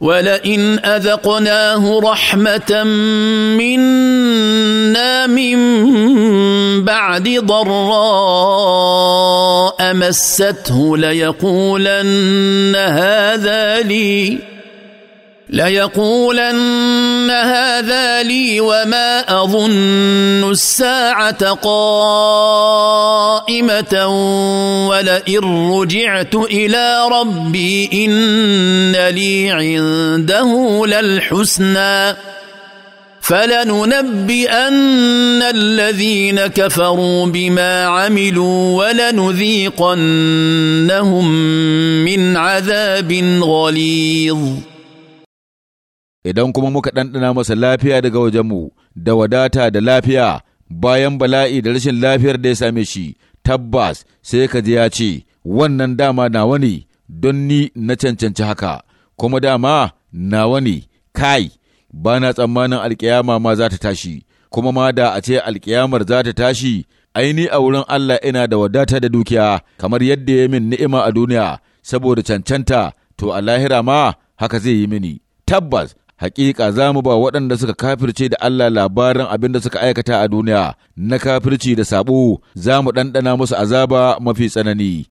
ولئن اذقناه رحمه منا من بعد ضراء مسته ليقولن هذا لي ليقولن هذا لي وما اظن الساعه قائمه ولئن رجعت الى ربي ان لي عنده للحسنى فلننبئن الذين كفروا بما عملوا ولنذيقنهم من عذاب غليظ idan kuma muka ɗanɗana masa lafiya daga wajenmu da wadata da lafiya bayan bala'i da rashin lafiyar da ya same shi tabbas sai ka ji ya ce wannan dama nawa ne don ni na cancanci haka kuma dama nawa ne kai ba na tsammanin alkiyama ma za ta tashi kuma ma da a ce alkiyamar za ta tashi aini a wurin Allah ina da wadata da dukiya kamar yadda ya min ni'ima a duniya saboda cancanta to a lahira ma haka zai yi mini tabbas Hakika za mu ba waɗanda suka kafirce da Allah labarin abin da suka aikata a duniya na kafirci da sabo za mu ɗanɗana musu azaba mafi tsanani.